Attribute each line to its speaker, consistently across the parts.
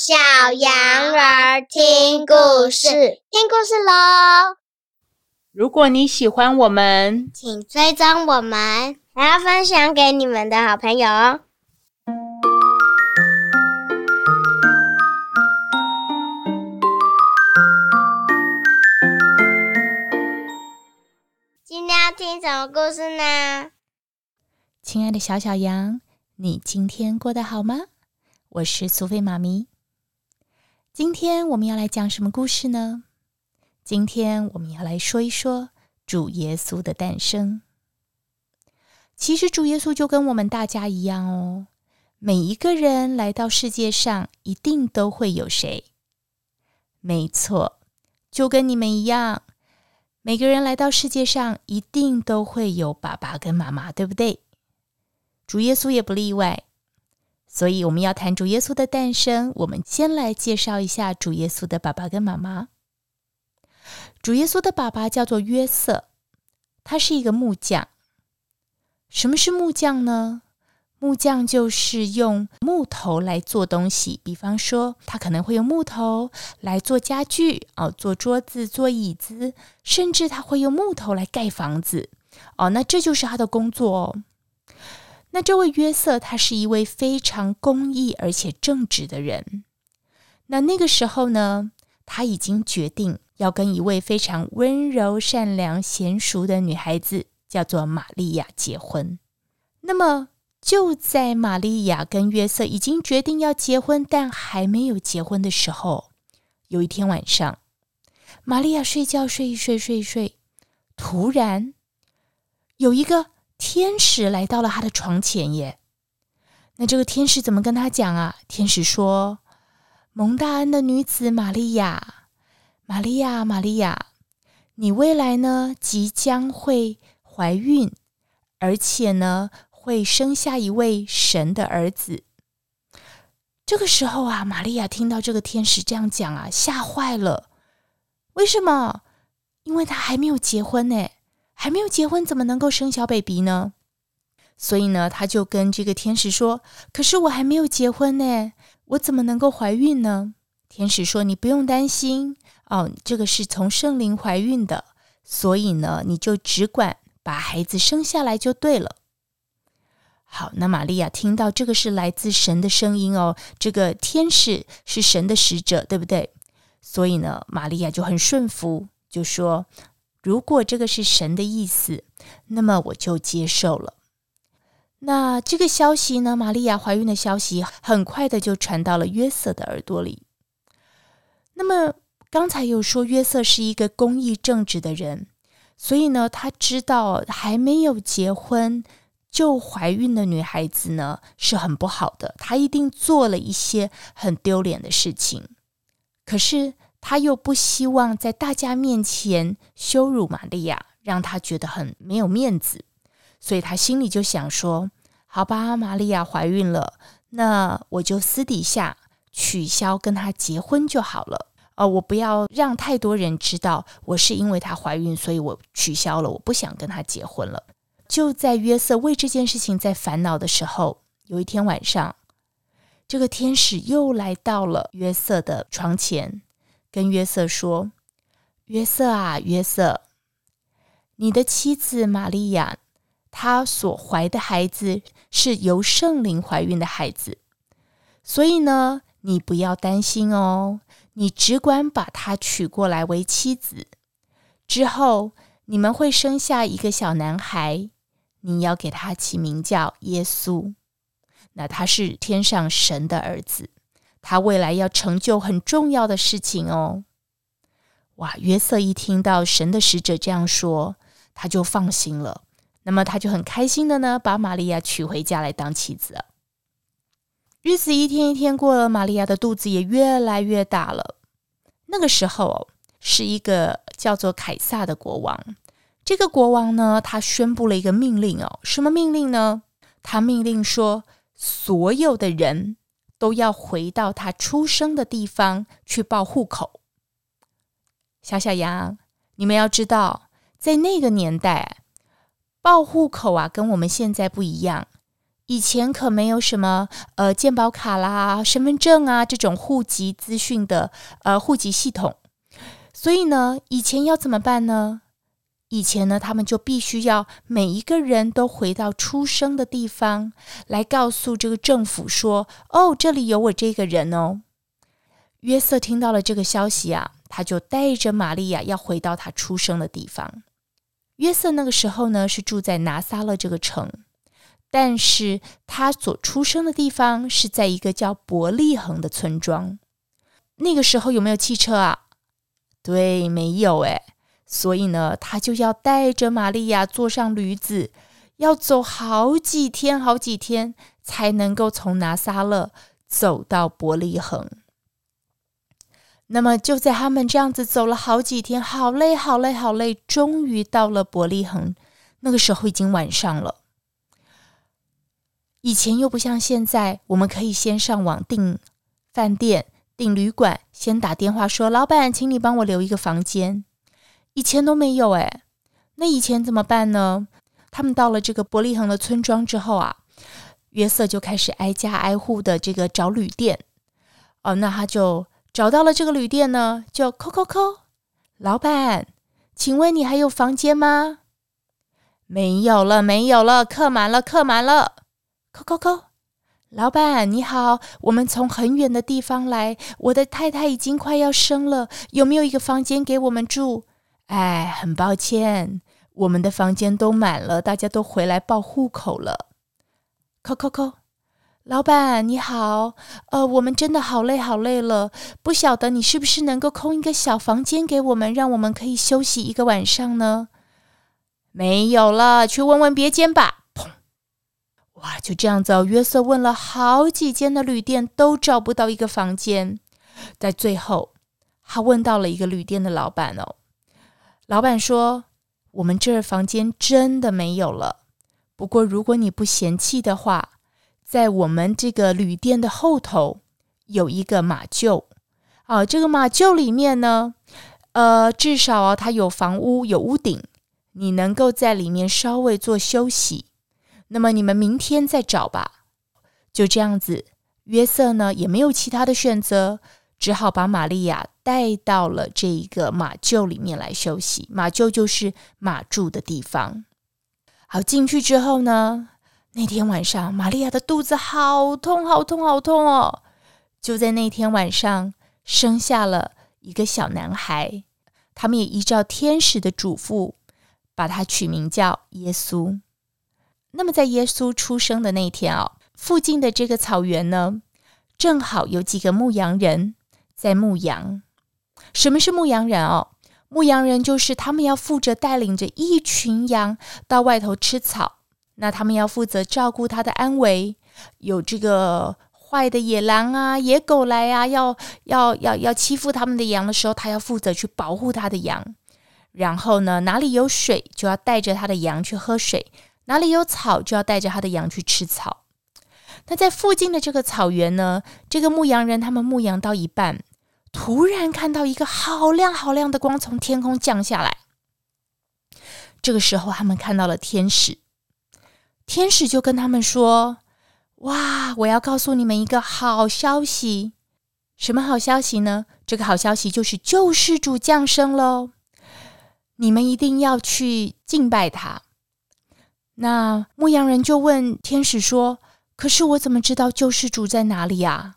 Speaker 1: 小羊兒聽故事，聽故事嘍！如果你喜歡我們，請追蹤我們，還要分享給你們的好朋友哦。今天要聽什麼故事呢？親愛的小小羊，你今天過得好嗎？我是蘇菲媽咪。今天我們要來講什麼故事呢？今天我們要來說一說主耶穌的誕生。其實主耶穌就跟我們大家一樣哦，每一個人來到世界上一定都會有誰？沒錯，就跟你們一樣，每個人來到世界上一定都會有爸爸跟媽媽，對不對？主耶穌也不例外。所以我們要談主耶穌的誕生，我們先來介紹一下主耶穌的爸爸跟媽媽。主耶穌的爸爸叫做約瑟，他是一個木匠。什麼是木匠呢？木匠就是用木頭來做東西，比方說他可能會用木頭來做家具、哦，做桌子、做椅子，甚至他會用木頭來蓋房子，哦，那這就是他的工作哦。那這位約瑟，他是一位非常公義而且正直的人。那那個時候呢，他已經決定要跟一位非常溫柔、善良、賢淑的女孩子，叫做瑪利亞結婚。那麼就在瑪利亞跟約瑟已經決定要結婚，但還沒有結婚的時候，有一天晚上，瑪利亞睡覺，睡一睡，睡一睡，突然有一個。天使來到了他的床前耶，那這個天使怎麼跟他講啊？天使說：“蒙大恩的女子瑪利亞，瑪利亞，瑪利亞，你未來呢，即將會懷孕，而且呢，會生下一位神的兒子。”這個時候啊，瑪利亞聽到這個天使這樣講啊，嚇壞了。為什麼？因為他還沒有結婚呢。還沒有結婚，怎麼能夠生小 baby 呢？所以呢，他就跟這個天使說：“可是我還沒有結婚呢，我怎麼能夠懷孕呢？”天使說：“你不用擔心哦，這個是從聖靈懷孕的，所以呢，你就只管把孩子生下來就對了。”好，那瑪利亞聽到這個是來自神的聲音哦，這個天使是神的使者，對不對？所以呢，瑪利亞就很順服，就說，如果這個是神的意思，那麼我就接受了。那這個消息呢，瑪利亞懷孕的消息很快的就傳到了約瑟的耳朵裡。那麼剛才又說約瑟是一個公義、正直的人，所以呢，他知道還沒有結婚就懷孕的女孩子呢，是很不好的，他一定做了一些很丟臉的事情。可是，他又不希望在大家面前羞辱瑪利亞，讓她覺得很沒有面子，所以他心裡就想說：“好吧，瑪利亞懷孕了，那我就私底下取消跟她結婚就好了。”呃，我不要讓太多人知道我是因為她懷孕，所以我取消了，我不想跟她結婚了。就在約瑟為這件事情在煩惱的時候，有一天晚上，這個天使又來到了約瑟的床前。跟約瑟說：“約瑟啊，約瑟，你的妻子瑪利亞，她所懷的孩子是由聖靈懷孕的孩子，所以呢，你不要擔心哦，你只管把她娶過來為妻子。之後，你們會生下一個小男孩，你要給他起名叫耶穌。那他是天上神的兒子。”他未來要成就很重要的事情哦，哇！約瑟一聽到神的使者這樣說，他就放心了。那麼他就很開心的呢，把瑪利亞娶回家來當妻子。日子一天一天過了，瑪利亞的肚子也越來越大了。那個時候，是一個叫做凱撒的國王。這個國王呢，他宣布了一個命令哦，什麼命令呢？他命令說，所有的人。都要回到他出生的地方去報戶口。小小羊，你們要知道，在那個年代，報戶口啊，跟我們現在不一樣。以前可沒有什麼呃，健保卡啦、身份證啊這種戶籍資訊的呃戶籍系統，所以呢，以前要怎麼辦呢？以前呢，他們就必須要每一個人都回到出生的地方來告訴這個政府說：“哦，這裡有我這個人哦。”約瑟聽到了這個消息啊，他就帶着瑪利亞要回到他出生的地方。約瑟那個時候呢，是住在拿撒勒這個城，但是他所出生的地方是在一個叫伯利恆的村莊。那個時候有沒有汽車啊？對，沒有哎。所以呢，他就要帶着瑪利亞坐上驢子，要走好幾天，好幾天才能夠從拿撒勒走到伯利恆。那麼就在他們這樣子走了好幾天，好累，好累，好累，終於到了伯利恆。那個時候已經晚上了。以前又不像現在，我們可以先上網訂飯店、訂旅館，先打電話說：“老闆，請你幫我留一個房間。”以前都沒有哎，那以前怎麼辦呢？他們到了這個伯利恆的村莊之後啊，約瑟就開始挨家挨戶的這個找旅店。哦，那他就找到了這個旅店呢，就扣扣扣，老闆，請問你還有房間嗎？沒有了，沒有了，客滿了，客滿了。扣扣扣，老闆你好，我們從很遠的地方來，我的太太已經快要生了，有沒有一個房間給我們住？哎，很抱歉，我們的房間都滿了，大家都回來報戶口了。扣扣扣，老闆你好，呃，我們真的好累好累了，不曉得你是不是能夠空一個小房間給我們，讓我們可以休息一個晚上呢？沒有了，去問問別間吧。砰！哇，就這樣子哦，約瑟問了好幾間的旅店，都找不到一個房間。在最後，他問到了一個旅店的老闆哦。老闆說：“我們這房間真的沒有了，不過如果你不嫌棄的話，在我們這個旅店的後頭有一個馬廄。好啊，這個馬廄裡面呢，呃，至少啊，它有房屋、有屋頂，你能夠在裡面稍微做休息。那麼你們明天再找吧，就這樣子。約瑟呢，也沒有其他的選擇。”只好把瑪利亞帶到了這一個馬廄裡面來休息。馬廄就是馬住的地方。好，進去之後呢，那天晚上瑪利亞的肚子好痛，好痛，好痛哦！就在那天晚上生下了一個小男孩。他們也依照天使的囑咐，把他取名叫耶穌。那麼，在耶穌出生的那天哦，附近的這個草原呢，正好有幾個牧羊人。在牧羊，什麼是牧羊人哦？牧羊人就是他們要負責帶領着一群羊到外頭吃草，那他們要負責照顧他的安危。有這個壞的野狼啊、野狗來啊，要要要要欺負他們的羊的時候，他要負責去保護他的羊。然後呢，哪裡有水就要帶着他的羊去喝水，哪裡有草就要帶着他的羊去吃草。那在附近的這個草原呢，這個牧羊人他們牧羊到一半。突然看到一個好亮好亮的光從天空降下來，這個時候他們看到了天使，天使就跟他們說：“哇，我要告訴你們一個好消息，什麼好消息呢？這個好消息就是救世主降生嘍，你們一定要去敬拜他。”那牧羊人就問天使說：“可是我怎麼知道救世主在哪裡啊？”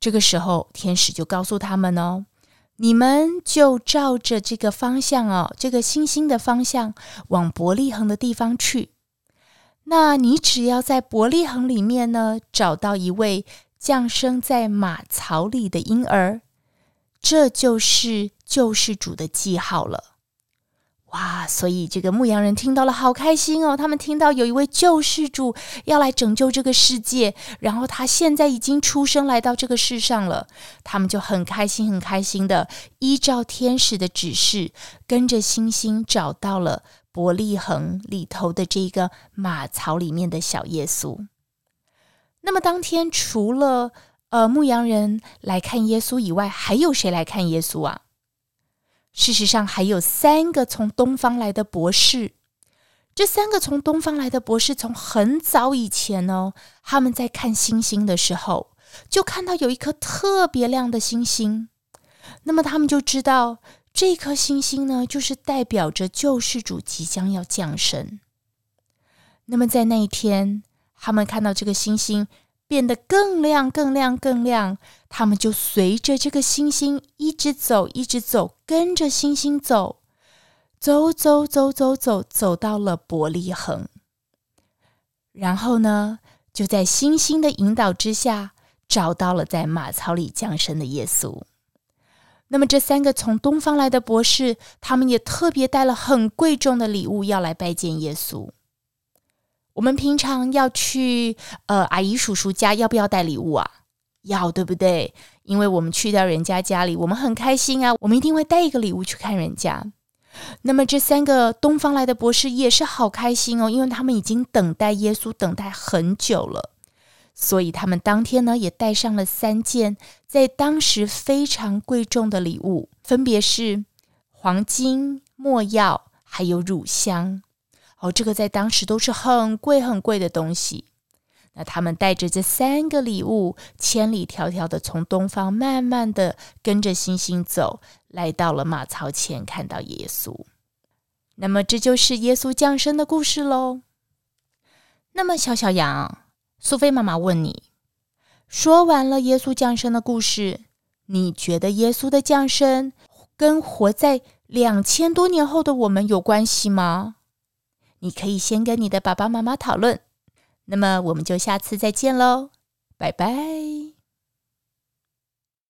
Speaker 1: 這個時候，天使就告訴他們哦：“你們就照着這個方向哦，這個星星的方向往伯利恆的地方去。那你只要在伯利恆裡面呢，找到一位降生在馬槽裡的嬰兒，這就是救世主的記號了。”哇！所以這個牧羊人聽到了，好開心哦。他們聽到有一位救世主要來拯救這個世界，然後他現在已經出生來到這個世上了，他們就很開心、很開心的，依照天使的指示，跟着星星找到了伯利恆裡頭的這個馬槽裡面的小耶穌。那麼當天除了呃牧羊人來看耶穌以外，還有誰來看耶穌啊？事實上，還有三個從東方來的博士。這三個從東方來的博士，從很早以前哦，他們在看星星的時候，就看到有一顆特別亮的星星。那麼，他們就知道，這顆星星呢，就是代表着救世主即將要降生。那麼，在那一天，他們看到這個星星。變得更亮、更亮、更亮，他們就隨着這個星星一直走、一直走，直走跟着星星走，走、走、走、走、走，走到了伯利恆。然後呢，就在星星的引導之下，找到了在馬槽裡降生的耶穌。那麼，這三個從東方來的博士，他們也特別帶了很貴重的禮物要來拜見耶穌。我們平常要去呃阿姨、叔叔家，要不要帶禮物啊？要，對不對？因為我們去到人家家裡，我們很開心啊，我們一定會帶一個禮物去看人家。那麼，這三個東方來的博士也是好開心哦，因為他們已經等待耶穌等待很久了，所以他們當天呢也帶上了三件在當時非常貴重的禮物，分別是黃金、沒藥還有乳香。哦，這個在當時都是很貴、很貴的東西。那他們帶着這三個禮物，千里迢迢的從東方，慢慢的跟着星星走，來到了馬槽前，看到耶穌。那麼，這就是耶穌降生的故事嘍。那麼，小小羊，蘇菲媽媽問你：說完了耶穌降生的故事，你覺得耶穌的降生跟活在兩千多年後的我們有關係嗎？你可以先跟你的爸爸媽媽討論，那麼我們就下次再見嘍，拜拜。